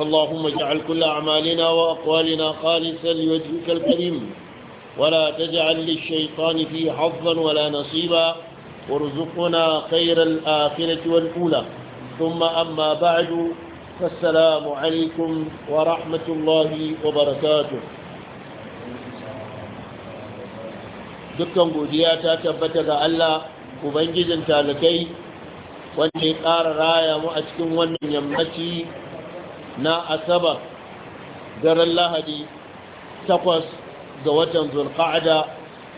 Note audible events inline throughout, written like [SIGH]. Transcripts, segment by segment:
فاللهم اجعل كل أعمالنا وأقوالنا خالصا لوجهك الكريم ولا تجعل للشيطان فيه حظا ولا نصيبا وارزقنا خير الآخرة والأولى ثم أما بعد فالسلام عليكم ورحمة الله وبركاته dukkan godiya ta tabbata ga Allah ubangijin talakai wanda ya ƙara raya mu a cikin wannan yammaci na asabar daren lahadi takwas ga watan zulqa'ada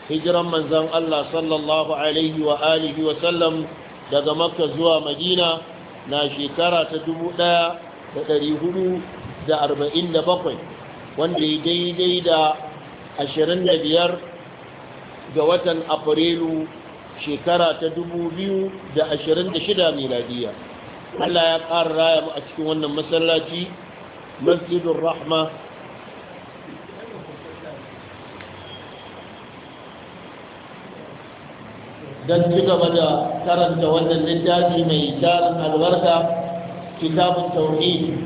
hijiran manzan Allah sallallahu alaihi wa alihi wa sallam daga makka zuwa madina na shekara ta dubu ɗaya da ɗari hudu da arba'in da bakwai wanda ya daidai da 25 ga watan afrilu shekara ta dubu biyu da ashirin da shida Allah ya ƙara raya mu a cikin wannan masallaci masjidun rahma don ci gaba da karanta wannan littafi mai tarin albarka kitabun tauhid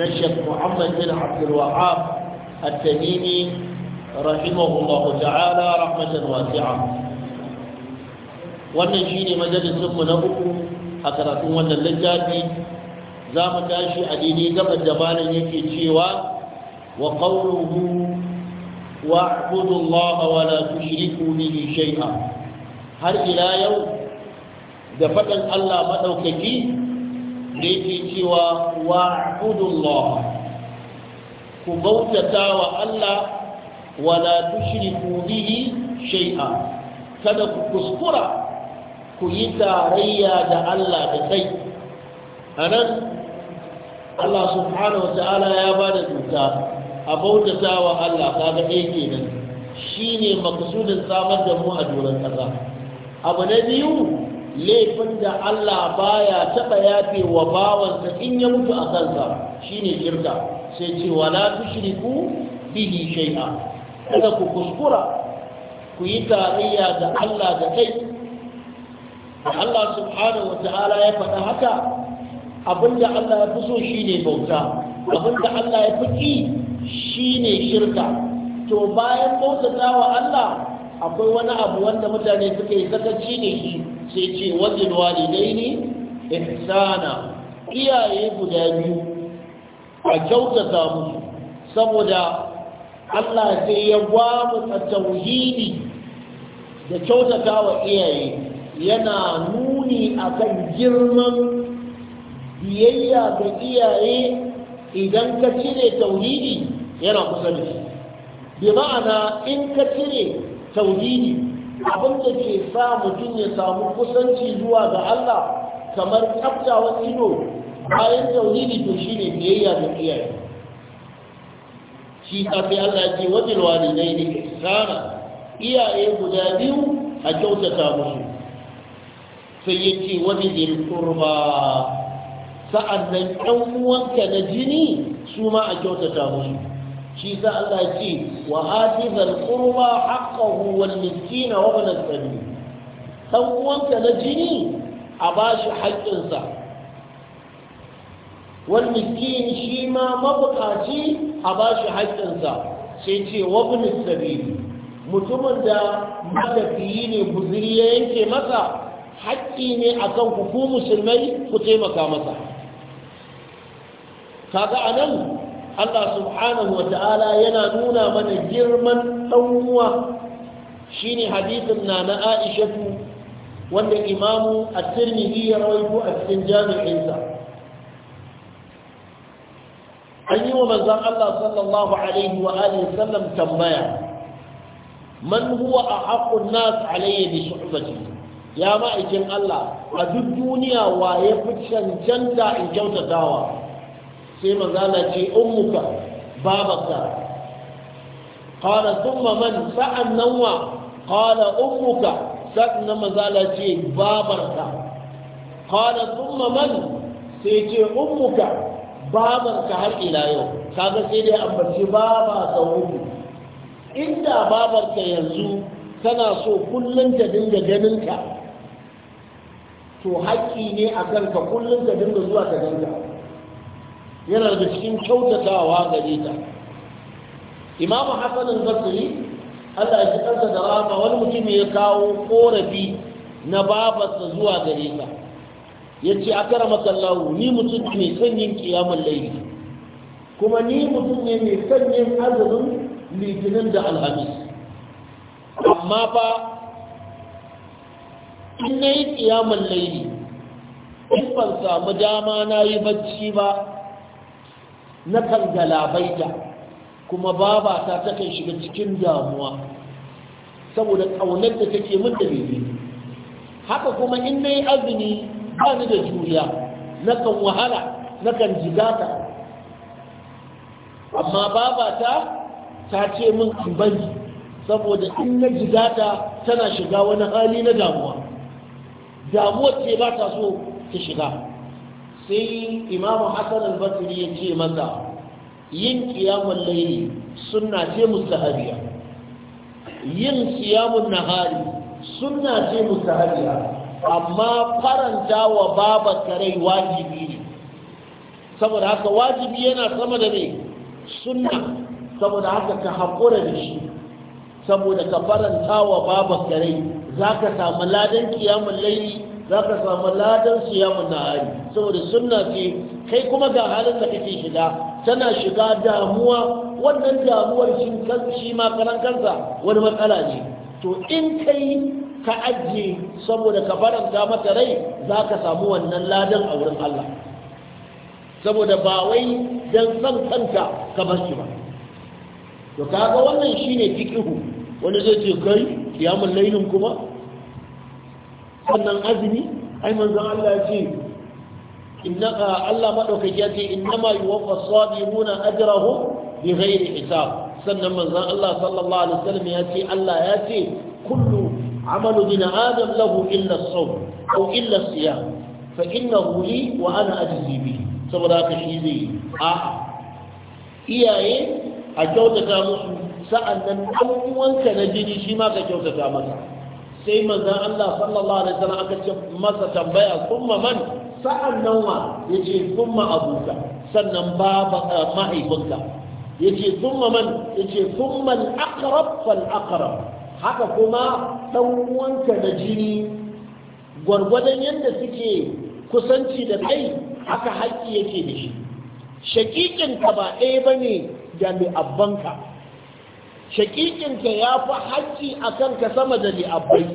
na shek muhammad bin abdulwahab التميمي رحمه الله تعالى Rahmatan Wasi'a, wannan shine majalisin mu na uku a karatun wannan littafi za mu tashi a daidai gabar da malam yake cewa wa qawluhu wa'budu Allah wa la tushriku bihi shay'a har ila yau da faɗin Allah maɗaukaki da yake cewa wa wa'budu Allah ku bautata wa Allah wa la tushriku bihi shay'a kada ku kuskura ku yi tarayya da Allah da kai a nan Allah subhanahu wata'ala ya ba da duta a bautata wa Allah kaga ɗaya kenan shi ne makasudin samar da mu a doron ƙasa abu na biyu laifin da Allah baya taɓa yafe wa bawansa in ya mutu a kansa shi ne shirka sai ce wala tushriku bihi shai'a kada ku kuskura ku yi tarayya da Allah da kai Allah subhanahu wa ta'ala ya faɗa haka abinda Allah ya fi so shi ne bauta abinda Allah ya fi ƙi ne shirka to bayan bautata wa Allah akwai wani abu wanda mutane suka yi sakaci ne shi sai ce wajen ne, ihsana iyaye guda biyu a kyautata musu saboda Allah sai ya gwamutsa tauhidi da kyautata wa iyaye yana nuni akan girman biyayya ga iyaye idan ka cire tauhidi yana kusa da shi bi ma'ana in ka cire tauhidi abin da ke sa mutum ya samu kusanci zuwa ga Allah kamar tsaftawar ido bayan tauhidi to shine biyayya ga iyaye shi ta Allah ya ce wajen walidai ne ihsana iyaye guda biyu a kyautata musu sai ya ce wani zai kurba sa'an nan ɗan uwanka na jini su ma a kyautata musu shi sa Allah ce wa hadizal qurba haqqahu wal miskina wa ibn as ɗan uwanka na jini a ba shi haƙƙinsa wal miskin shi ma mabukaci a ba shi haƙƙinsa sai ce wa ibn as mutumin da matafiyi ne buzuri ya yanke masa haƙƙi ne a kan ku ku musulmai ku taimaka masa kaga a nan allah subhanahu wa ta'ala yana nuna mana girman ɗan'uwa shine hadisin na na aishatu wanda imamu a tirmidhi ya rawaito a cikin jami'insa an yi wa manzan allah sallallahu alaihi wa alihi sallam tambaya man huwa a haƙƙun nas alayya bi shu'bati ya ma'aikin Allah a duk duniya wa ya fi cancanta in dawa sai manzala ce umuka babaka sun thumma sa'an nan wa umuka sa’an nan manzala ce babarka qala sun man sai ce umuka babarka har ila yau kaga sai dai ambaci baba ta uku inda babarka yanzu tana so kullum ta dinga ganinka to haƙƙi ne a kanka kullum ka dinga zuwa ka ganta yana da cikin kyautatawa gare ta imamu hasanin basiri allah ya kansa da rama wani mutum ya kawo korafi na babarsa zuwa gare ta ya ce a kara makallahu ni mutum mai yin kiyamun laifi kuma ni mutum ne mai yin azumin litinin da alhamis amma fa in na yi ƙiyamun laili in ban samu dama na yi bacci ba na kan galabaita kuma babata ta kan shiga cikin damuwa saboda ƙaunar da take min da haka kuma in na yi azumi ba ni da juriya na kan wahala na kan jigata amma babata ta ce min in bari saboda in na jigata tana shiga wani hali na damuwa damuwar ce ba ta so ta shiga sai imamu hassan al-basri ya ce maza, yin kiyamun laili suna ce mustahabiya yin kiyamun nahari suna ce mustahabiya amma faranta wa babar karai wajibi ne saboda haka wajibi yana sama da mai suna saboda haka ka haƙura da shi saboda ka faranta wa babar karai za ka samu ladan kiyamun laili za ka samu ladan siyamun nahari saboda sunna ce kai kuma ga halin da kake shiga tana shiga damuwa wannan damuwar shi ma karan kansa wani matsala ne to in kai ka ajiye saboda ka faranta mata rai za ka samu wannan ladan a wurin Allah saboda ba wai don san kanta ka bar shi ba to kaga wannan shine fikihu wani zai ce kai kiyamun lailin kuma wannan azumi ai manzon Allah ya ce inna Allah madaukaki ya ce innama yuwaffa sabiruna ajrahum bighairi hisab sannan manzon Allah sallallahu alaihi wasallam ya ce Allah ya ce kullu amalu bin adam lahu illa as-sawm aw illa as-siyam fa saboda haka shi zai a iyaye a kyautata musu sa'annan ɗan uwanka na jini shi ka kyautata masa sai manzan Allah sallallahu alaihi wasallam aka ce masa tambaya kuma man sa'an nan wa yace kuma abuka sannan baba eh, mahaifinka yace kuma man yace kuma al-aqrab haka kuma ɗan uwanka da jini gwargwadon yadda suke kusanci da kai haka haƙƙi yake da shi shaƙiƙinka ka ba ɗaya bane da mai abbanka shakikinka ya fi haƙƙi a kanka sama da li'abbai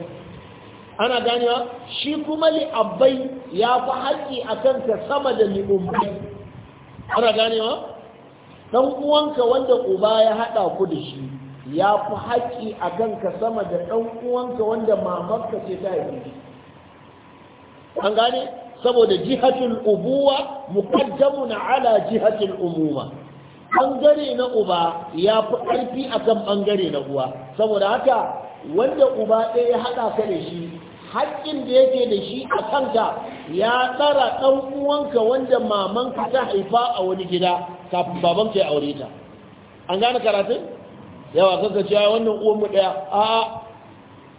ana ganewa shi kuma li'abbai ya fi haƙƙi a kanka sama da li'umbai ana ganewa ɗan uwanka wanda uba ya haɗa ku da shi ya fi haƙƙi a kanka sama da ɗan uwanka wanda mamanka ce ta haifi an gane saboda jihatul ubuwa muqaddamun ala jihatul umuma ɓangare na uba ya fi ƙarfi a kan ɓangare na uwa saboda haka wanda uba ɗaya ya haɗa ka da shi haƙƙin da yake da shi a kanka ya tsara ɗan uwanka wanda mamanka ta haifa a wani gida kafin baban ka ya aure ta an gane karatun yawa kaka cewa wannan uwan mu ɗaya a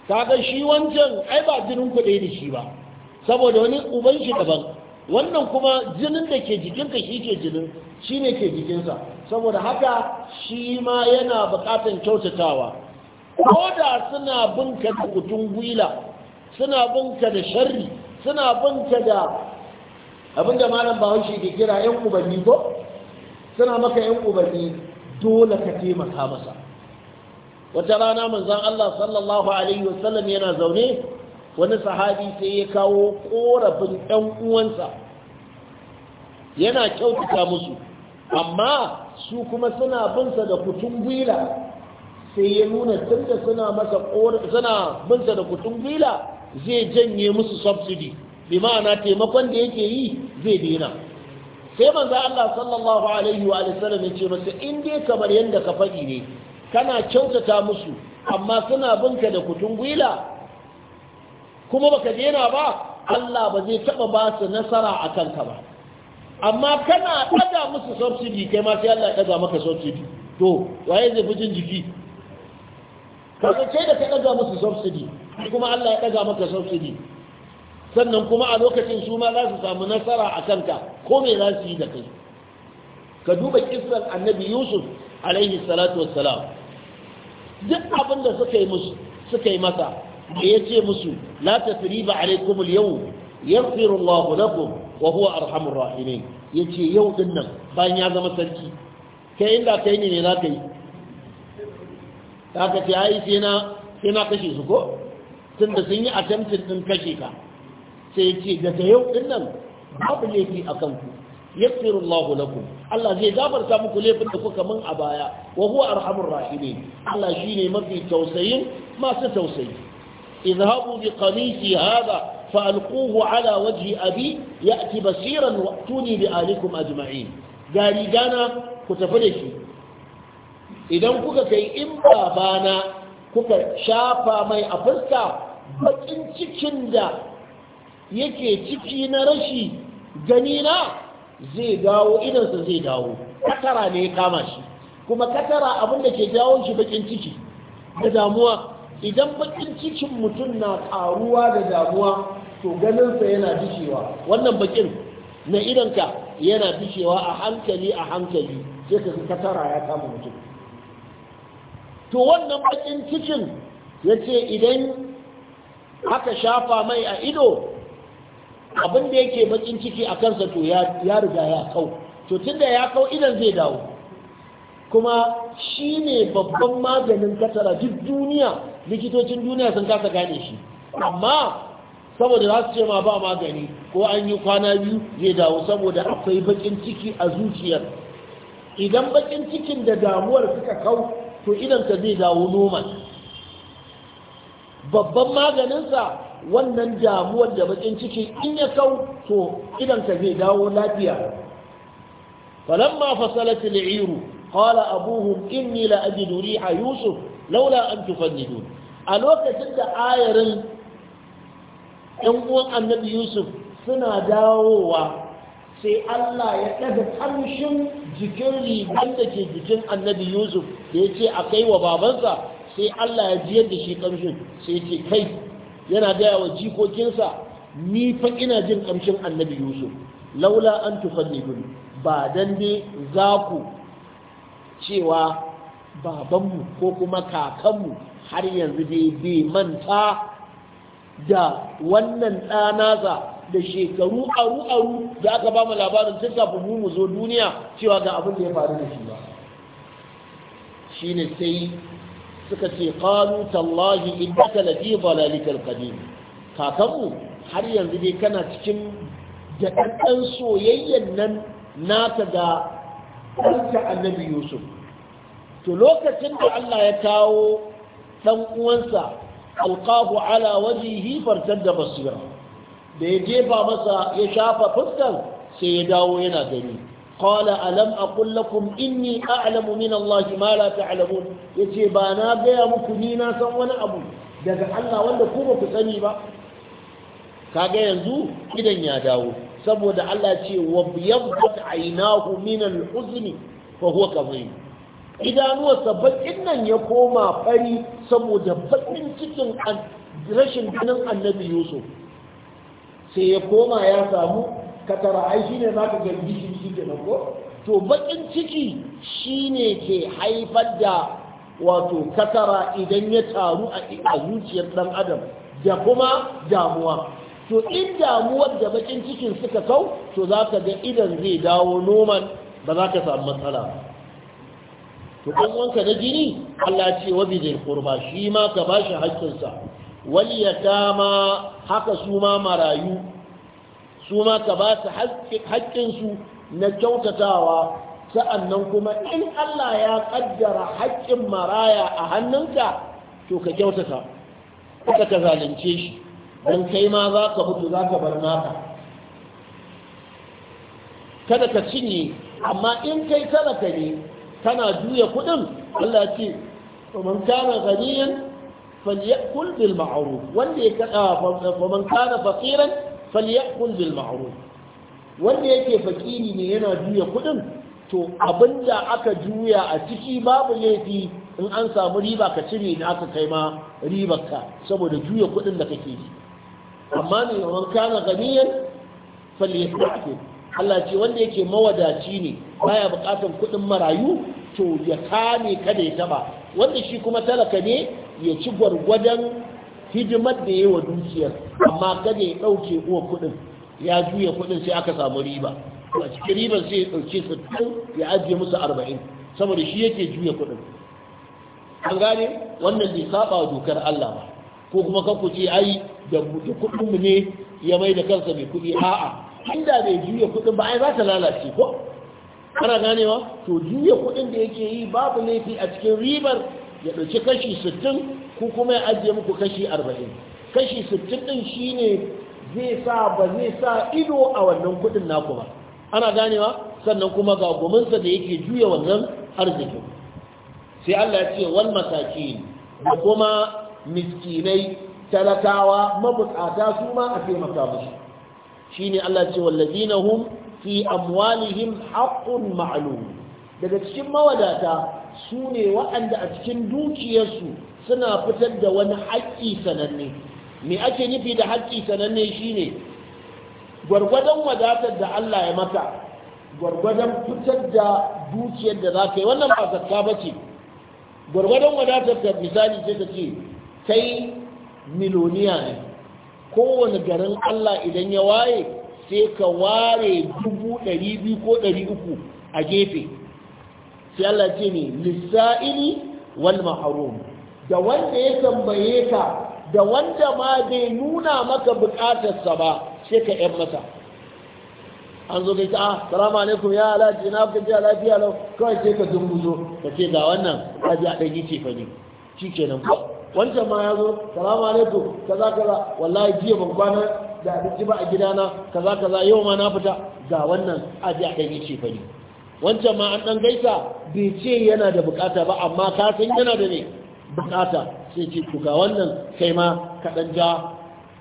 kaga shi wancan ai ba jinin ku ɗaya da shi ba saboda wani uban shi daban wannan kuma jinin da ke jikinka shi ke jinin shi ne ke jikinsa saboda haka shi ma yana bukatan kyautatawa ko da suna binka da kutun gwila suna binka da sharri suna binka da abinda malam ba wancan ke kira yan ubanni ko suna maka yan ubanni dole ka taimaka masa wata rana manzan Allah sallallahu alaihi wasallam yana zaune wani sahabi sai ya kawo korafin ɗan uwansa yana kyautuka musu amma su kuma suna binsa da kutun gwila sai ya nuna tunda suna masa suna binsa da kutun gwila zai janye musu subsidi bi ma'ana taimakon da yake yi zai daina sai manzo Allah sallallahu alaihi wa sallam ya ce masa in dai kamar yadda ka faɗi ne kana kyautata musu amma suna binka da kutun gwila kuma baka daina ba Allah ba zai taba ba su nasara a kanka ba amma kana daga musu subsidy kai ma sai Allah ya daga maka subsidy to waye zai fi jin jiki kaga sai da ka daga musu subsidy kuma Allah ya daga maka subsidy sannan kuma a lokacin su ma za su samu nasara a kanka ko me za su yi da kai ka duba kissan annabi yusuf alaihi salatu wassalam duk abin da suka yi musu suka yi masa ya ce musu la tasriba alaikum yau ya yaghfiru Allahu lakum wa huwa arhamur ya ce yau din nan bayan ya zama sarki ta inda ta yi ne za ka yi ta ka ta yi sai na kashe su ko tunda sun yi tamtin din kashe ka sai ce daga yau din nan babu laifi a kanku'. Ya Allahu lakum Allah zai gabarta muku laifin da kuka mun a baya wa huwa arhamun rahimin Allah ne mafi tausayin masu tausayi اذهبوا بقميصي هذا فألقوه على وجه أبي يأتي بصيرا وأتوني بآلكم أجمعين قال جانا كتفلشي إذا كوكا كي إمبا بانا كوكا شافا مي أفرسا بطن تكين دا يكي تكين رشي جنينا زي داو إذا زي داو كترا نيكاماشي kuma katara abin da ke jawo shi bakin ciki da damuwa idan bakin cikin mutum na karuwa da damuwa to ganinsa yana bishewa wannan bakin na idanka yana bishewa a hankali a hankali sai ka katara ya kama mutum to wannan bakin cikin ya idan aka shafa mai a ido abinda yake bakin ciki a kansa to ya riga ya kau to tunda ya kau idan zai dawo kuma shi ne babban maganin katara duk duniya likitocin duniya sun kasa gane shi amma saboda za su ce ma ba magani ko an yi kwana biyu zai dawo saboda akwai bakin ciki a zuciyar idan bakin cikin da damuwar suka kau to idan ka zai dawo noman babban maganinsa wannan damuwar da bakin ciki in ya kau to idan ka zai dawo lafiya falamma fasalatul iru qala abuhum inni la ajidu riha yusuf laula an tufannidun a lokacin da ayarin ɗan uwan annabi yusuf suna dawowa sai allah ya ɗaga ƙarshen jikin rigar da ke jikin annabi yusuf da ya ce a kai wa babansa sai allah ya jiyar da shi ƙarshen sai ce kai yana gaya wa jikokinsa ni fa ina jin ƙamshin annabi yusuf laula an tufa tufannidun ba dan dai za ku cewa babanmu ko kuma kakanmu har yanzu dai bai manta da wannan ɗanaza da shekaru aru-aru da aka ba mu labarin tun kafin mu mu zo duniya cewa ga abin da ya faru da shi ba shi ne sai suka ce ƙalu tallahi innaka lafi dalalikal qadim kakanmu har yanzu dai kana cikin daɗaɗɗan soyayyen nan naka ga ɗanka annabi yusuf to lokacin da Allah ya kawo dan uwansa alqahu ala wajhihi da basira da ya jefa masa ya shafa fuskar sai ya dawo yana gani qala alam aqul lakum inni a'lamu min allahi ma la ta'lamun yace ba na gaya muku ni na san wani abu daga Allah wanda ku ba ku sani ba kaga yanzu idan ya dawo saboda Allah ce wa aina aynahu min al-huzni fa huwa kadhib idanuwarsa baƙin nan ya koma fari saboda baƙin cikin rashin ganin annabi yusuf sai ya koma ya samu katara ai shi ne za ka shi shi ke ko to bakin ciki shi ne ke haifar da wato katara idan ya taru a zuciyar ɗan adam da kuma damuwa to in damuwar da baƙin cikin suka kau to za ka ga idan zai dawo noman ba za ka samu matsala ba to wanka na jini Allah ce wa bi zil shi ma ka bashi haƙƙinsa. Wani ya yatama haka su ma marayu su ma ka ba su haƙƙin na kyautatawa sa'annan kuma in Allah ya ƙaddara haƙƙin maraya a hannunka to ka kyautata ka ka zalunce shi dan kai ma za ka mutu za ka bar naka kada ka cinye amma in kai talaka ne kana juya kudin Allah ce man kana ghaniyan falyakul bil ma'ruf wanda ya kada fa man kana faqiran falyakul bil ma'ruf wanda yake fakiri ne yana juya kudin to abinda aka juya a ciki babu laifi in an samu riba ka cire da aka kai ma ribar ka, saboda juya kudin da kake yi amma ne man kana ganiyan falyastaqi Allah ce wanda yake mawadaci ne baya bukatan kudin marayu to ya kame kada ya taɓa wanda shi kuma talaka ne ya ci gwargwadon hidimar da wa dukiyar amma kada ya ɗauke uwa kuɗin ya juya kuɗin sai aka samu riba a cikin riban sai ya ɗauke sittin ya ajiye musu arba'in saboda shi yake juya kuɗin an gane wannan bai saba wa dokar Allah ba ko kuma kan ku ce ai da kuɗinmu ne ya mai da kansa mai kuɗi a'a inda bai juya kuɗin ba ai za ta lalace ko kana ganewa to juya kuɗin da yake yi babu laifi a cikin ribar ya ɗauki kashi 60 ko kuma ya ajiye muku kashi 40 kashi 60 ɗin shine zai sa ba zai sa ido a wannan kuɗin naku ba ana ganewa sannan kuma ga gominsa da yake juya wannan arzikin sai Allah ya ce wal masakin da kuma miskinai talakawa mabukata su ma a taimaka musu ne Allah ce wallazina hum fi amwalihim haqqun ma'lum daga cikin mawadata su ne waɗanda a cikin dukiyarsu suna fitar da wani haƙƙi sananne me ake nufi da haƙƙi sananne shine gwargwadon wadatar da Allah ya maka gwargwadon fitar da dukiyar da za ka yi wannan ba zakka ba ce gwargwadon wadatar da misali ce ta ce kai miloniya ne kowane garin Allah idan ya waye sai ka ware dubu ɗari biyu ko ɗari uku a gefe sai Allah ce ne lissa'ili wal maharum da wanda ya tambaye ka da wanda ma bai nuna maka bukatarsa ba sai ka ‘yan masa an zo kai ta ah, salamu alaikum ya alaji na fi jiya lafiya lau kawai sai ka dumbuzo ka ce ga wannan ji a ɗanyi ce fa ne shi kenan ko wancan ma ya zo salamu alaikum ka za wallahi jiya ban kwana da abinci ba a gidana kaza kaza yau ma na fita ga wannan aji a ɗan yace wancan ma an ɗan gaisa bai ce yana da bukata ba amma ka san yana da ne bukata sai ce ku. ga wannan kai ma ka ɗan ja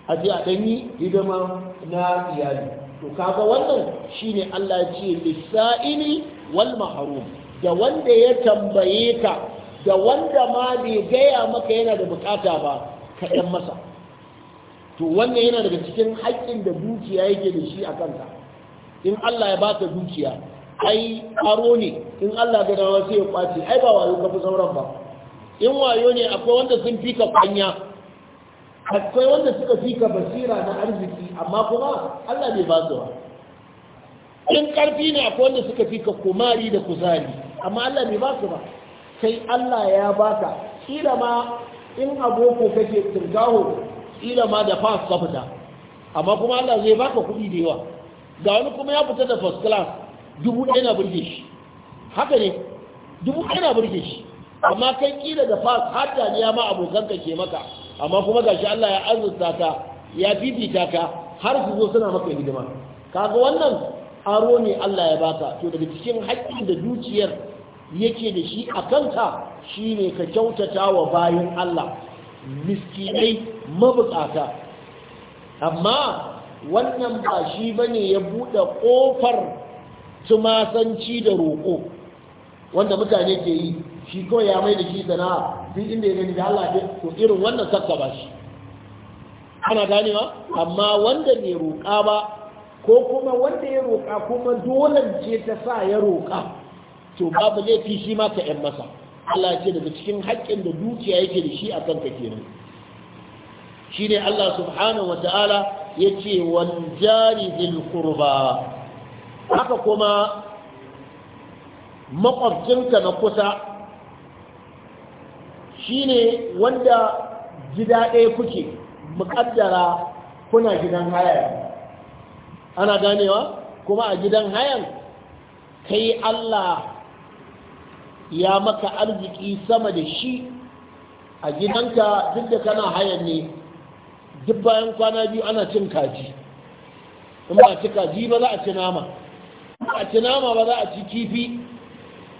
aji a ɗan yi hidima na iyali to kaga wannan shine Allah ya ce lisa'ili wal mahrum da wanda ya tambaye ka da wanda ma bai gaya maka yana da bukata ba ka ɗan masa to wannan yana daga cikin haƙƙin da dukiya yake da shi a kanta in Allah ya baka dukiya ai aro ne in Allah ga dawa sai ya kwace ai ba wayo ka fi sauran ba in wayo ne akwai wanda sun fi ka kwanya akwai wanda suka fi ka basira na arziki amma kuma Allah bai ba su ba in karfi ne akwai wanda suka fi ka kumari da kuzari amma Allah bai ba su ba sai Allah ya baka kila ma in aboko kake turgaho kila ma da fas ka fita amma kuma Allah zai baka kuɗi da yawa ga wani kuma ya fita da first class dubu ɗaya na burge shi haka ne dubu ɗaya na burge shi amma kai kila da fas har da ya ma abokanka ke maka amma kuma gashi Allah ya arzuta ka ya fifita ka har su zo suna maka hidima kaga wannan aro ne Allah ya baka to daga cikin haƙƙin da dukiyar yake da shi a kanka shine ka kyautata wa bayan Allah miskinai mabukata amma wannan ba shi bane ya bude kofar tumasanci da roƙo wanda mutane ke yi shi kawai ya mai da shi sana'a fi inda ya gani da Allah ya to irin wannan sakka ba shi ana ganewa amma wanda ne roƙa ba ko kuma wanda ya roƙa kuma dole ce ta sa ya roƙa to babu laifi shi ma ka 'yan masa Allah ce daga cikin haƙƙin da dukiya yake da shi a kanka kenan ne Allah subhanahu wata'ala yace wal jari dhil kurba. haka kuma makwabcinka na kusa shine wanda gida ɗaya kuke muƙaddara kuna gidan haya ana ganewa kuma a gidan hayan kai Allah ya maka arziki sama da shi a gidanka duk da kana hayan ne duk bayan kwana biyu ana cin kaji in ba ci kaji ba za a ci nama a ci nama ba za a ci kifi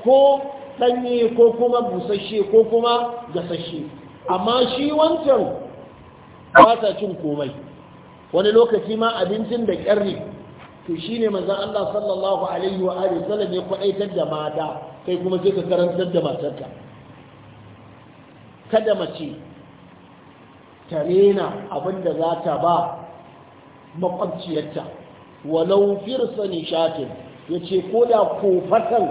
ko ɗanye ko kuma busasshe ko kuma gasasshe amma shi wancan ba ta cin komai wani lokaci ma abincin da ƙyar ne to ne mazan Allah sallallahu alaihi wa alihi wasallam ya kwadaitar da mata kai kuma sai ka karantar da matarka kada mace ta rena abin da za ta ba makwabciyarta walau firsa nishatin ya ce ko da kofatan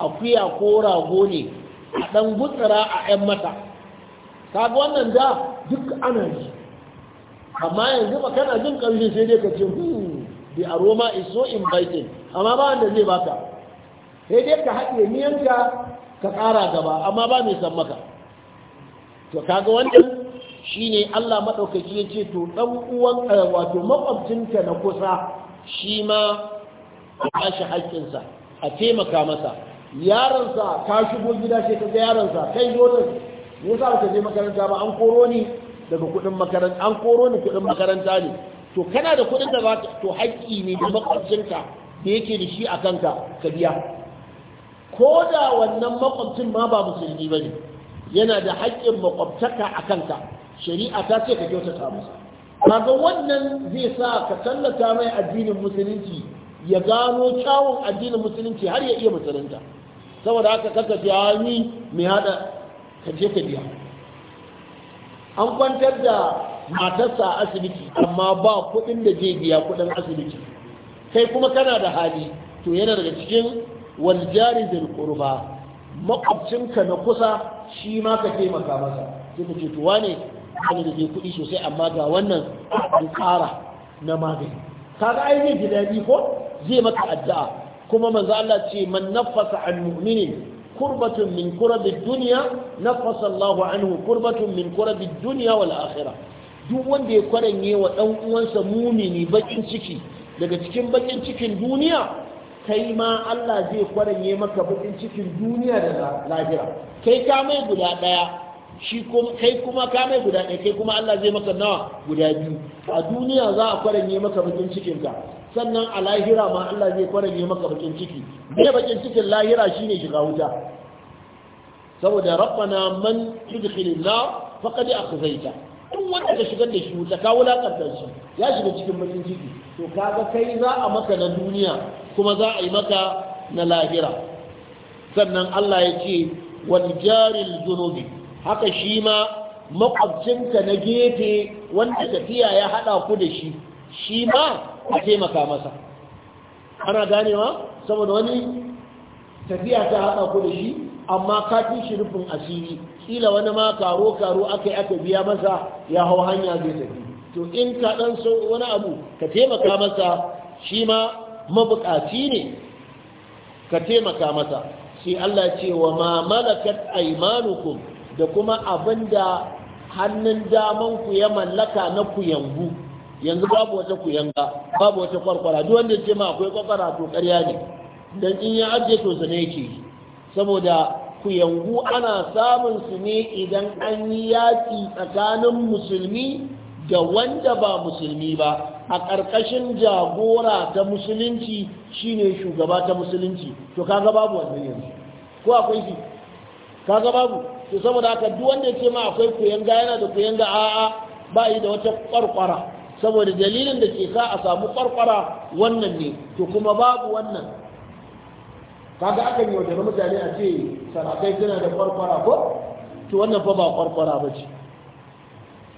akuya ko rago ne a ɗan gutsara a 'yan mata kaga wannan da duk ana ji amma yanzu ba kana jin ƙarfi sai dai ka ce hu hmm, the aroma is so inviting amma ba wanda zai baka sai dai ka haɗe miyanka ka ƙara gaba amma ba mai san maka to kaga wannan ne Allah maɗaukaki ya ce to ɗan uwan eh, wato makwabcinta na kusa shi ma a bashi haƙƙinsa a taimaka masa yaransa ta shigo gida shi ta ga yaronsa kai dole ne yasa ka je makaranta ba an koro ni daga kuɗin makaranta kuɗin makaranta ne to kana da kuɗin da ba to haƙƙi ne da makwabcinka da yake da shi a kanka ka biya ko da wannan makwabcin ma ba musulmi ba ne yana da haƙƙin makwabtaka a kanka shari'a ta ce ka kyautata masa kaga wannan zai sa ka tallata mai addinin musulunci ya gano kyawun addinin musulunci har ya iya musulunta saboda haka kaka biya ni mai hada ka je ka biya an kwantar da matarsa a asibiti amma ba kuɗin da zai biya kuɗin asibiti kai kuma kana da hali to yana daga cikin waljari da kurba makwabcinka na kusa shi ma ka taimaka masa sai ka ce tuwa ne wani da zai kuɗi sosai amma ga wannan an ƙara na magani kaga ai zai ji daɗi ko zai maka addu'a kuma manzo Allah ce man nafasa an kurbatun min kurabi duniya nafasa Allahu anhu kurbatun min kurabi duniya wal akhirah duk wanda ya kwaranye wa ɗan uwansa mumini bakin ciki daga cikin bakin cikin duniya kai ma Allah zai kwaranye maka bakin cikin duniya da lahira kai ka mai guda ɗaya shi kai kuma ka mai guda ɗaya kai kuma Allah zai maka nawa guda biyu a duniya za a kwaranye maka bakin cikin ka sannan a lahira ma Allah zai kwaranye maka bakin ciki me bakin cikin lahira shine shiga wuta saboda rabbana man tudkhilin faqad akhzaita duk wanda ka shigar da shi wuta ka wulakantar shi ya shiga cikin bakin ciki to kaga kai za a maka na duniya kuma za a yi maka na lahira sannan Allah ya ce wani jarin zunubi. haka shi ma makwabcinka na gefe wanda tafiya ya haɗa ku da shi shi ma a taimaka masa ana ganewa saboda wani tafiya ta haɗa ku da shi amma ka fi shi rufin asiri kila wani ma karo karo aka aka biya masa ya hau hanya zai tafi to in ka dan so wani abu ka taimaka masa shi ma mabukaci ne ka taimaka masa sai Allah ce wa ma malakat aymanukum da kuma abinda hannun daman ku ya mallaka na kuyangu yanzu babu wata kuyanga babu wata kwarkwara duk wanda ya ce ma akwai kwarkwara to ƙarya ne dan in ya ajiye to zane yake yi saboda ku kuyangu ana samun su ne idan an yi yaƙi tsakanin musulmi da wanda ba musulmi ba a ƙarƙashin jagora ta musulunci shine shugaba ta musulunci to kaga babu wannan yanzu ko akwai shi kaga babu to saboda haka duk wanda ce ma akwai kuyanga yana da kuyanga a'a ba yi da wata kwarkwara saboda dalilin da ke sa a samu kwarkwara wannan ne to kuma babu wannan kaga akan yaudara mutane a ce sarakai suna da kwarkwara ko to wannan fa ba kwarkwara ba ce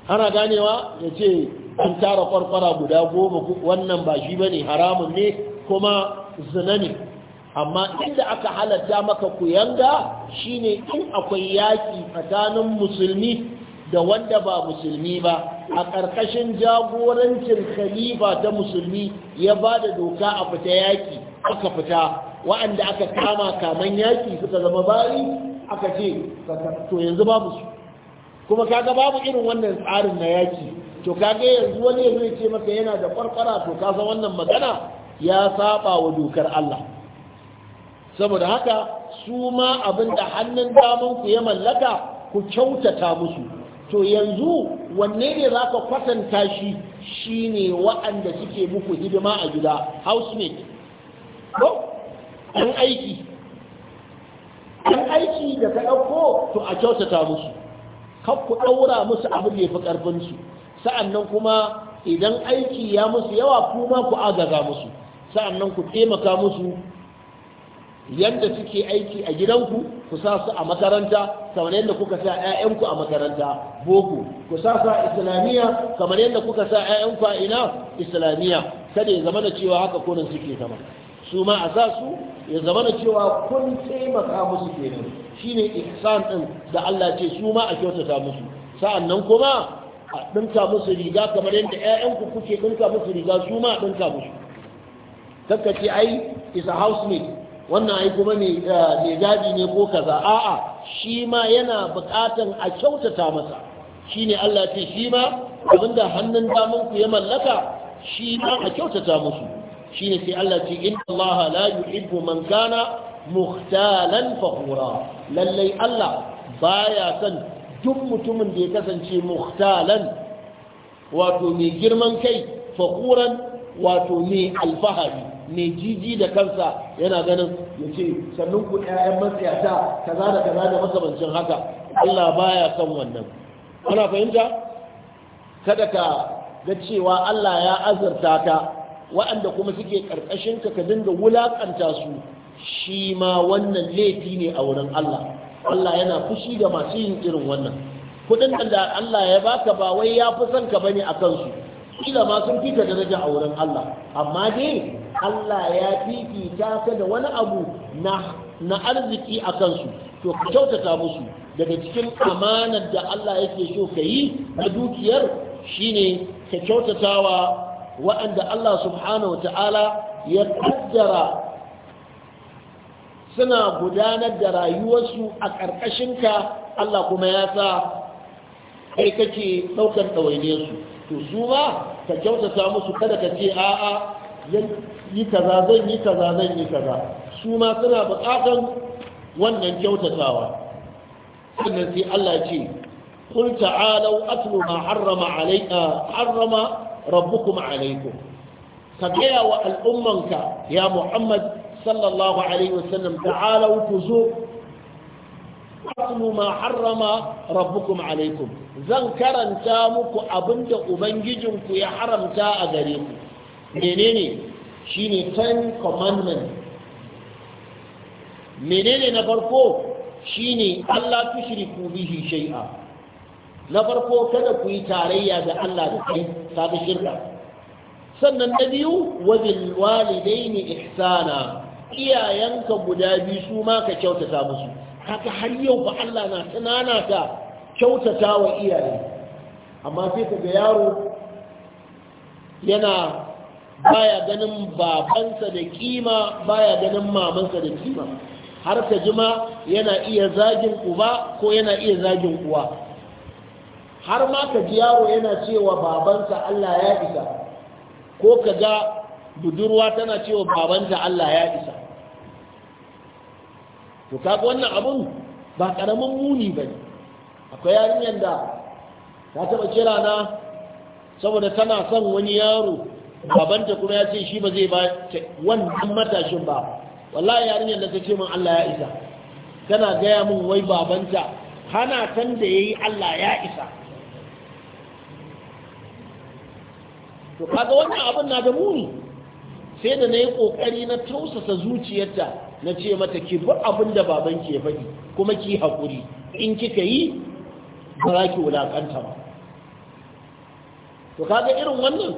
ana ganewa ya ce an tara kwarkwara guda goma wannan ba shi ba ne haramun ne kuma zina ne amma inda aka halatta maka kuyanga shine in akwai yaki tsakanin musulmi da wanda ba musulmi ba a ƙarƙashin jagorancin khalifa ta musulmi ya ba da doka a fita yaki aka fita wa'anda aka kama kaman yaki suka zama bari, aka ce to yanzu babu su kuma kaga babu irin wannan tsarin na yaki, to kaga yanzu wani ya zai ce maka yana da kwarkwara to ka wannan magana ya saba wa dokar Allah saboda haka su ma abin da hannun daman ku ya mallaka ku kyautata musu to yanzu wanne ne za ka kwatanta shi shine wa'anda suke muku hidima a gida housemate An aiki an aiki da ka ɗauko to a kyautata musu kar ɗaura musu abin da ya fi ƙarfinsu sa'annan kuma idan aiki ya musu yawa kuma ku agaza musu sa'annan ku taimaka musu yadda suke aiki a gidanku ku sa su a makaranta kamar yadda kuka sa 'ya'yanku a makaranta boko ku sa su a islamiyya kamar yadda kuka sa 'ya'yanku a ina islamiyya kada ya zama da cewa haka kunan suke zama su ma a za su ya zama da cewa kun taimaka musu kenan shine ihsan ɗin da Allah ce su ma a kyautata musu nan kuma a dinka musu riga kamar yadda ƴaƴanku kuke dinka musu riga su ma a dinka musu kakka ce ai a housemate wannan ai kuma mai dadi eh, ne ko kaza a'a shi ma yana buƙatan a kyautata masa ne Allah ce shi ma abinda hannun damanku ya mallaka shi ma a kyautata musu Shi ne sai Allah ce in Allah la yuhibbu man kana muhtalan fakhura lallai Allah baya son duk mutumin da ya kasance muhtalan wato mai girman kai fahuran wato mai alfahari mai jiji da kansa yana ganin ya ce sannan ku ƴaƴan matsayata kaza da kaza da masabancin haka Allah baya son wannan ana fahimta kada ka ga cewa Allah ya azarta ta waɗanda kuma suke ƙarƙashin ka ka dinga wulaƙanta su shi ma wannan laifi ne a wurin Allah Allah yana fushi ga masu yin irin wannan kuɗin da Allah ya baka ba wai ya fi son ka bane a kansu kila ma sun fita daraja a wurin Allah amma dai Allah ya fifita ka da wani abu na na arziki a kansu to ka kyautata musu daga cikin amanar da Allah yake so ka yi na dukiyar shine ka kyautatawa waɗanda Allah subhanahu wata'ala ya kaddara suna gudanar da rayuwarsu a ƙarƙashinka Allah kuma ya sa kai kake ɗaukar ɗawainiyarsu to su ba ka kyautata musu kada ka ce a'a yi kaza zan yi kaza zan yi kaza su ma suna buƙatan wannan kyautatawa sannan sai Allah ce قل تعالوا أتل ما harrama عليك حرم rabbukum alaikum ka gaya wa al'ummanka ya muhammad sallallahu alaihi wasallam ta'alau ku zo atlu ma harrama rabbukum alaikum zan karanta muku abinda ubangijinku ya haramta a gare ku menene shine ten commandment menene na farko shine Allah tushriku bihi shay'a na farko kada ku yi tarayya da Allah da kai ta shirka sannan na biyu wa bil walidaini ihsana iyayenka guda biyu su ma ka kyautata musu haka har yau ba Allah na tunana ta kyautata wa iyaye amma sai ka ga yaro yana baya ganin babansa da kima baya ganin mamansa da kima har ka jima yana iya zagin uba ko yana iya zagin uwa har ma ka ji yaro yana cewa babansa Allah ya isa ko ka ga budurwa tana cewa babanta Allah ya isa to kaga wannan abun ba karamin muni bane akwai yarinyar da ta taba kira na saboda tana son wani yaro babanta kuma ya ce shi ba zai ba wannan matashin ba wallahi yarinyar da ta ce min Allah ya isa tana gaya mun wai babanta hana tanda da yayi Allah ya isa to kaga wannan abin na da muni sai da na yi ƙoƙari na tausasa zuciyarta na ce mata ki bi abin da baban ke faɗi kuma ki haƙuri in kika yi ba za ki wulaƙanta ba to kaga irin wannan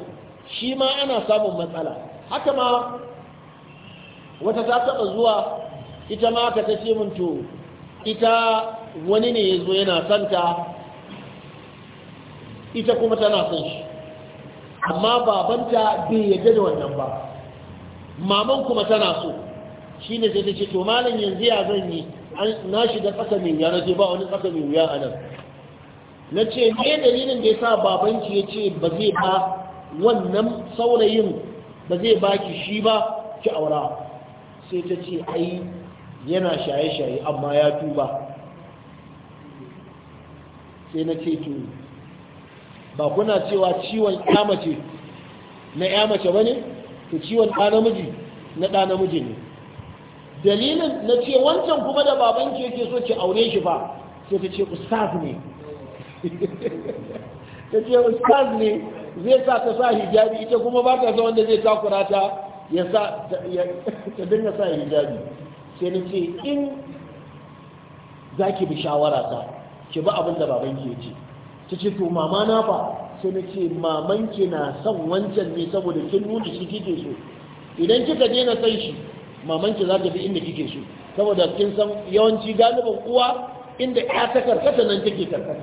shi ma ana samun matsala haka ma wata ta taɓa zuwa ita ma ka ta ce to ita wani ne ya zo yana santa ita kuma tana son shi amma babanta bai yadda da wannan ba maman kuma tana so shi ne sai ta ce to malam yanzu ya zan yi na shiga tsaka mai wuya na ce ba wani tsaka mai wuya a nan na ce ne dalilin da ya sa babanki ya ce ba zai ba wannan saurayin ba zai ba ki shi ba ki aura sai ta ce ai yana shaye-shaye amma ya tuba sai na ce to ba kuna cewa ciwon mace na ya ba ne ta ciwon ɗa namiji na ɗa namiji ne dalilin na ce wancan kuma da baban ke ke so ki aure shi ba sai ta ce ustaz ne [LAUGHS] ta ce ustaz ne zai sa ta sa hijabi ita kuma ba ta sa wanda zai takura ta ya sa [LAUGHS] ta dinga sa hijabi sai na ce in za ki bi shawara ta ki bi abin da baban ke ce ta to mama na fa sai na ce maman ki na son wancan ne saboda kin nuna shi kike so idan kika daina san shi maman ki za ta fi inda kike so saboda kin san yawanci galiban uwa inda ya ta karkata nan take karkata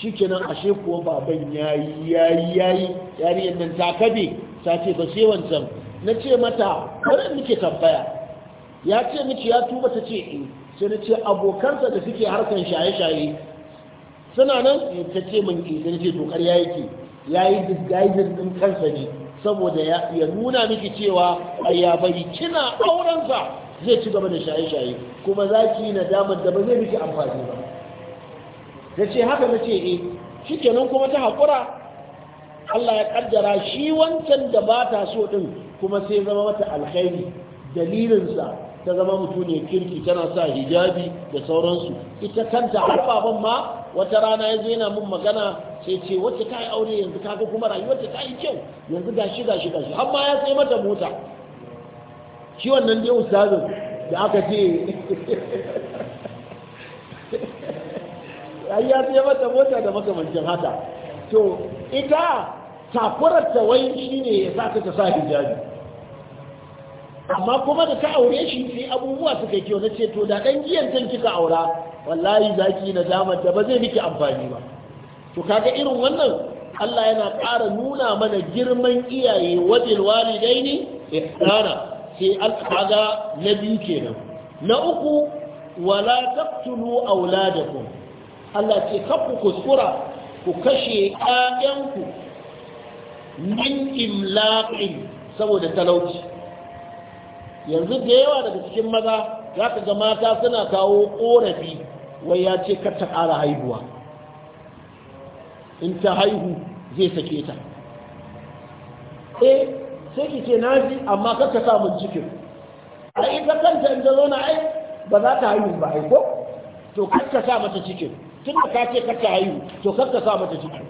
shi kenan ashe kuwa baban yayi yayi yayi yariyar nan ta kabe ta ce ba sai wancan na ce mata wani muke tambaya ya ce miki ya tuba ta ce eh sai na ce abokansa da suke harkan shaye-shaye suna nan ta ce min ke eh, ce to ƙarya yake yayi disguising din kansa ne saboda ya nuna miki cewa a ya bari kina aurensa, zai ci gaba da shaye-shaye kuma za ki yi nadamar da ba zai miki amfani ba ta ce haka na ce eh shikenan kuma ta haƙura Allah ya ƙaddara shi wancan da ba ta so ɗin kuma sai zama mata alkhairi dalilinsa ta zama mutum ne kirki tana sa hijabi da sauransu ita kanta har baban ma wata rana ya zo yana mun magana sai ce wacce ta yi aure yanzu kaga kuma rayuwar ta yi kyau yanzu ga shi ga shi amma ya sai mata mota shi wannan dai ustazin da aka ce [LAUGHS] ai ya sai mata mota da makamancin haka to ita takurar ta wai shine ya sa ta sa hijabi amma kuma da ta aure shi sai abubuwa suka kyau na ce to da dan giyan can kika aura wallahi zaki na nadamar da ba zai miki amfani ba to kaga irin wannan Allah yana ƙara nuna mana girman iyaye wajen walidai ne ihsana sai al'ada na biyu kenan na uku wala taqtulu auladakum Allah ce kafu kuskura ku kashe ƴaƴanku min imlaqin saboda talauci yanzu da yawa daga cikin maza za ka ga mata suna kawo ƙorafi wai ya ce kar ta ƙara haihuwa in ta haihu zai sake ta E sai ki ce naji amma kar samun cikin a ita kanta in ta ai ba za ta haihu ba aiko to kar ka sa mata cikin tun da ka ce kar ta haihu to kar ka sa mata cikin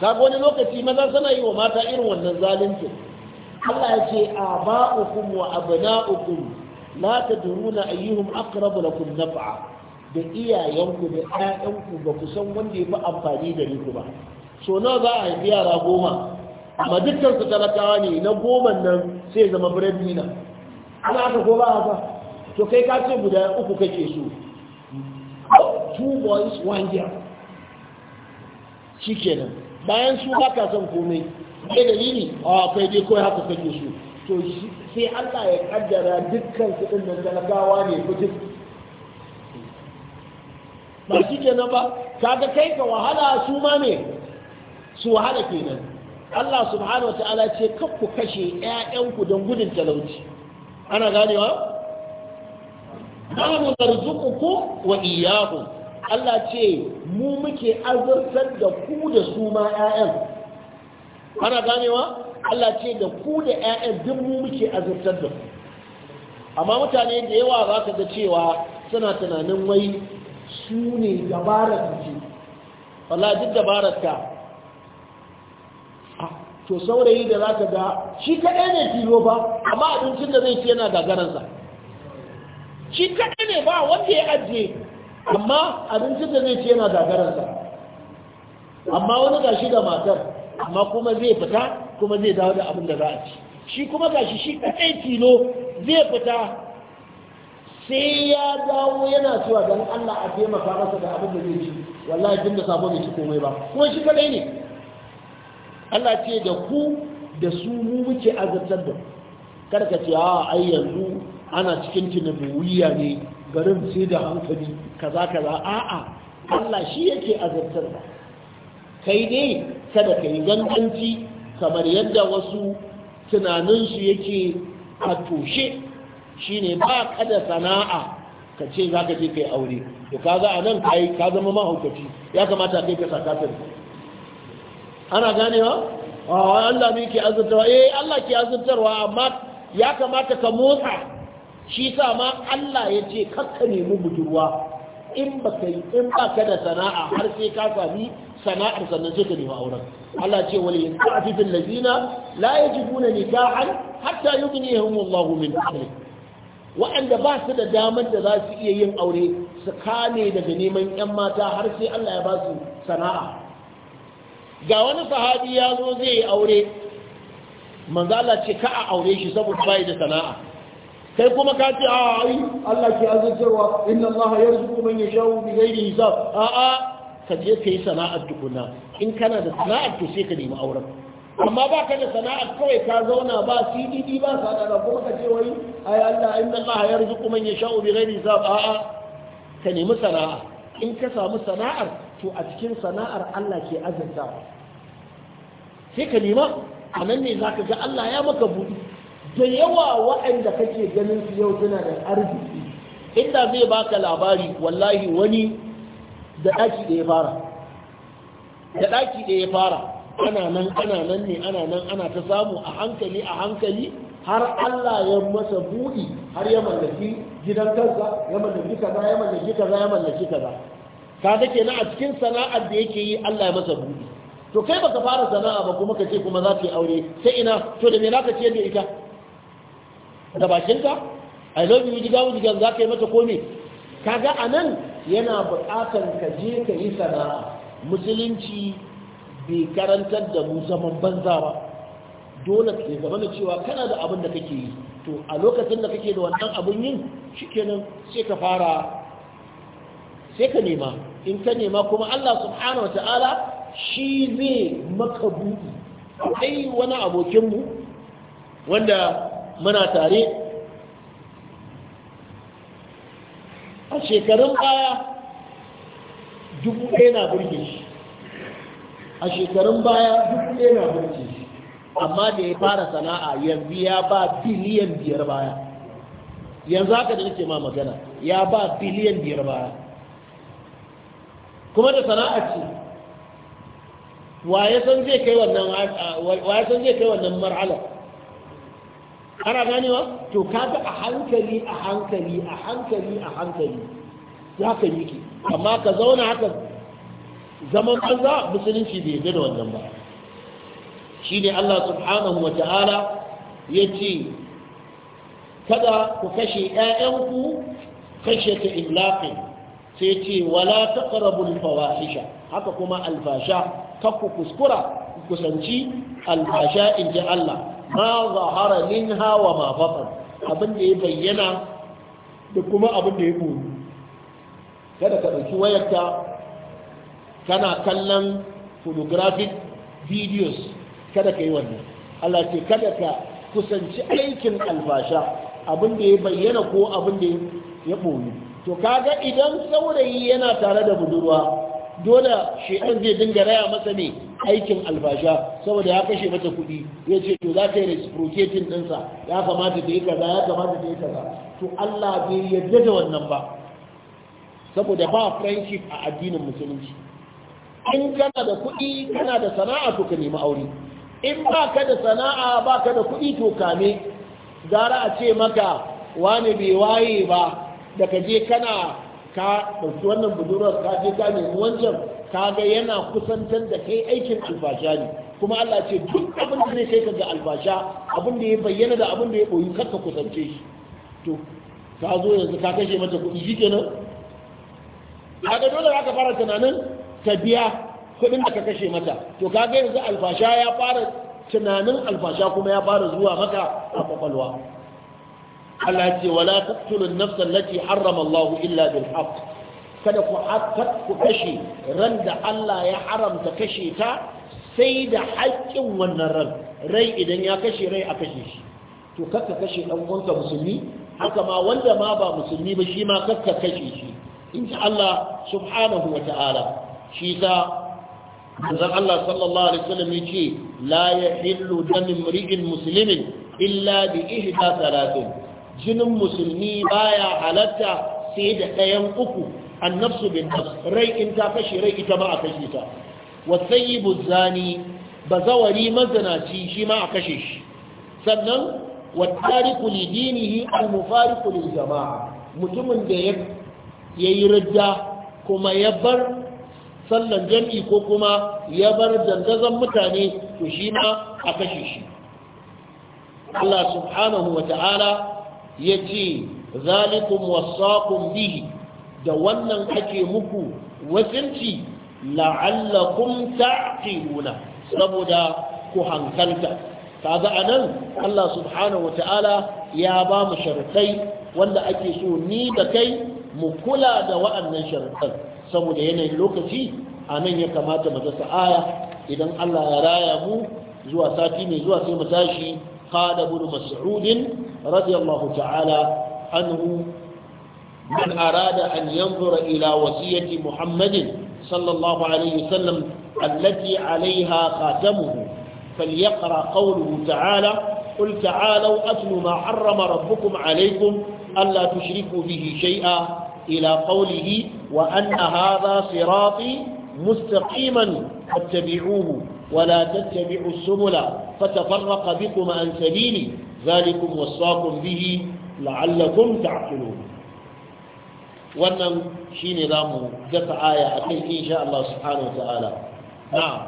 Sabu wani lokaci maza suna yi wa mata irin wannan zalunci Allah ya ce a aba'ukum wa abna'ukum la tadruna ayyuhum aqrabu lakum naf'a da iyayenku da ƴaƴanku ba ku san wanda ya fi amfani da ku ba so nawa za a haifi yara goma amma dukkan su talakawa ne na goman nan sai zama breadwina ana aka ko ba haka to kai ka ce guda uku kake so oh, two boys one girl nan bayan su haka son komai ne dalili a kai dai kawai haka kake so to sai Allah ya kaddara dukkan su ɗin nan talakawa ne ko duk ba shi kenan ba kaga kai ka wahala su ma ne su wahala kenan Allah subhanahu wataala ce kar ku kashe ku don gudun talauci ana ganewa nahnu narzuqukum wa iyyahum Allah ce mu muke azurtar da ku da su ma ƴaƴan ana ganewa Allah ce da ku da ƴaƴan duk mu muke azurtar da ku amma mutane da yawa za ka ga cewa suna tunanin wai su ne dabarar ce wala duk dabarar ka ah, to saurayi da za ka ga shi kaɗai ne filo ba amma abincin da zai ci yana gagararsa shi kaɗai ne ba wanda ya ajiye amma abincin da zai ci yana gagararsa amma wani shi da matar amma kuma zai fita kuma zai dawo da abin da za a ci shi kuma ga shi shi kaɗai filo zai fita sai ya dawo yana cewa don Allah a fiye taimaka masa da abin da zai ci wallahi tun da sabon ya ci komai ba kuma shi kadai ne Allah ce da ku da su mu muke azabtar da karka ce a ah, ai yanzu ana cikin tunabuwiya ne garin sai da hankali kaza kaza a'a Allah shi yake azabtar da kai ne kada ka yi ganganci kamar yadda wasu tunaninsu yake a toshe Shi ne ba ka da sana'a ka ce za ka je kai aure to kaga a nan ka yi ka zama mahaukaci ya kamata kai ka sakatar ana ganewa a ah, Allah ne ke azurtarwa eh Allah ke azurtarwa amma ya kamata ka motsa shi sa ma Allah ya ce kakka nemi budurwa in ba ka in ba ka da sana'a har sai ka sami sana'ar sannan sai ka nemi auren Allah ce wal yaqafi fil ladina la yajiduna nikahan hatta yughniyahum Allahu min fadlihi waɗanda ba su da damar da za su iya yin aure su kame daga neman 'yan mata har sai Allah ya ba su sana'a ga wani sahabi ya zo zai yi aure manzala ce ka a aure shi saboda bai da sana'a kai kuma ka ce a ai Allah ke azantarwa inna Allah ya rizuku man yashau bi ghairi hisab a a ka je ka yi sana'ar tukuna in kana da sana'ar to sai ka nemi auren amma ba ka da sana'ar kawai ka zauna ba cdd ba sadara kuma ka ce wai ai allah inna allah ya rizu kuma ya sha'u bi ghairi hisab ka nemi sana'a in ka samu sana'ar to a cikin sana'ar allah ke azanta sai ka nema a nan ne za ka ga allah ya maka buɗi da yawa waɗanda kake ganin su yau suna da arziki inda zai baka labari wallahi wani da ɗaki ɗaya fara da ɗaki ɗaya ya fara ana nan ana nan ne ana nan ana ta samu a hankali a hankali har Allah ya masa buɗi har ya mallaki gidan kansa ya mallaki kaza ya mallaki kaza ya mallaki kaza kaga kenan a cikin sana'ar da yake yi Allah ya masa buɗi to kai baka fara sana'a ba kuma ka ce kuma za ka yi aure sai ina to da me za ka ce da ita da bakinka i love you jiga jiga za ka yi mata komai kaga anan yana buƙatar ka je ka yi sana'a musulunci bai karantar da mu zaman banza ba dole ke zama da cewa kana da abin da kake yi to a lokacin da kake da wannan abin yin shikenan sai ka fara sai ka nema in ka nema kuma Allah subhanahu ta'ala shi zai maka buɗi ai wani abokinmu wanda muna tare a shekarun baya dubu ɗaya na burge shi a shekarun baya duk kuɗe na burci amma da ya fara sana'a yanzu ya ba biliyan biyar baya yanzu haka da nake ma magana ya ba biliyan biyar baya kuma da sana'a ce waye san zai kai wannan waye san zai kai wannan marhala ana ganewa to kaga a hankali a hankali a hankali a hankali ya ka yi amma ka zauna haka zaman banza musulunci bai yarda da wannan ba shi ne Allah subhanahu wa ta'ala ya ce kada ku kashe ‘ya'yanku kashe ta illaƙin sai ce wala ta ƙarabun fawahisha haka kuma alfasha kaku kuskura kusanci alfasha in ji Allah ma zahara min hawa ma faɗin abin da ya bayyana da kuma abin da ya buru kada ka ɗauki wayarta kana kallon photographic videos kada ka yi wannan Allah ce kada ka kusanci aikin alfasha abin da ya bayyana ko abin da ya ɓoyi to kaga idan saurayi yana tare da budurwa dole shedan zai dinga raya masa ne aikin alfasha saboda ya kashe mata kuɗi ya ce to za ka yi reciprocating ɗinsa ya kamata da yi kaza ya kamata da yi kaza to Allah bai yarda da wannan ba saboda ba friendship a addinin musulunci in kana da kuɗi kana da sana'a to ka nemi aure in ba ka da sana'a ba ka da kuɗi to kame gara a ce maka wani bai waye ba da ka je kana ka ɗauki wannan budurwar ka je ka nemi wancan ka ga yana kusantar da kai aikin albasha ne kuma Allah ce duk abin da zai kai ka ga alfasha abin da ya bayyana da abin da ya boyi kar ka kusance shi to ka zo yanzu ka kashe mata kuɗi A kaga dole za ka fara tunanin ta biya kuɗin da ka kashe mata to kaga yanzu alfasha ya fara tunanin alfasha kuma ya fara zuwa maka a kwakwalwa Allah ce wala taqtulun nafsa allati harrama Allah illa bil haqq kada ku ku kashe ran da Allah ya haramta kashe ta sai da haƙƙin wannan ran rai idan ya kashe rai a kashe shi to kakka kashe dan uwanka musulmi haka ma wanda ma ba musulmi ba shi ma kakka kashe shi insha Allah subhanahu wa ta'ala shi sa manzon Allah sallallahu alaihi wasallam yace la yahillu dam illa da ihida thalathin jinin musulmi baya halatta sai da ɗayan uku annafsu bin nafs rai in ta kashe rai ita ma a kashe ta wasayyibu zani bazawari mazanaci shi ma a kashe shi sannan wattariku li dinihi al-mufariqu lil jama'a mutumin da ya yayi ridda kuma ya bar sallan jam'i ko kuma ya bar dandazon mutane to shi ma a kashe shi Allah subhanahu wa ta'ala ya ce zalikum wasaqum bihi da wannan ake muku wasinci la'allakum ta'qiluna saboda ku hankalta kaga anan Allah subhanahu wa ta'ala ya ba mu wanda ake so ni da kai mu kula da wa'annan sharutan saboda yanayin lokaci a nan ya kamata mu dasa aya idan Allah ya raya mu zuwa sati mai zuwa sai mu tashi qala ibn mas'ud radiyallahu ta'ala anhu man arada an yanzura ila wasiyati muhammadin sallallahu alaihi wasallam التي عليها خاتمه فليقرأ قوله تعالى قل تعالوا أتل ما حرم ربكم عليكم ألا تشركوا به شيئا إلى قوله وأن هذا صراطي مستقيما فاتبعوه ولا تتبعوا السبل فتفرق بكم عن سبيلي ذلكم وصاكم به لعلكم تعقلون wannan shine zamu dasa aya akai insha Allah subhanahu wataala na'am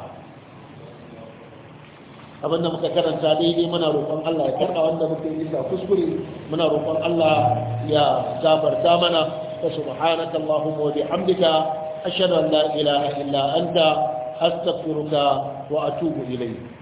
abinda muka karanta daidai muna roƙon Allah ya karɓa wanda muke yi kuskure muna roƙon Allah ya zabarta mana فسبحانك اللهم وبحمدك أشهد أن لا إله إلا أنت أستغفرك وأتوب إليك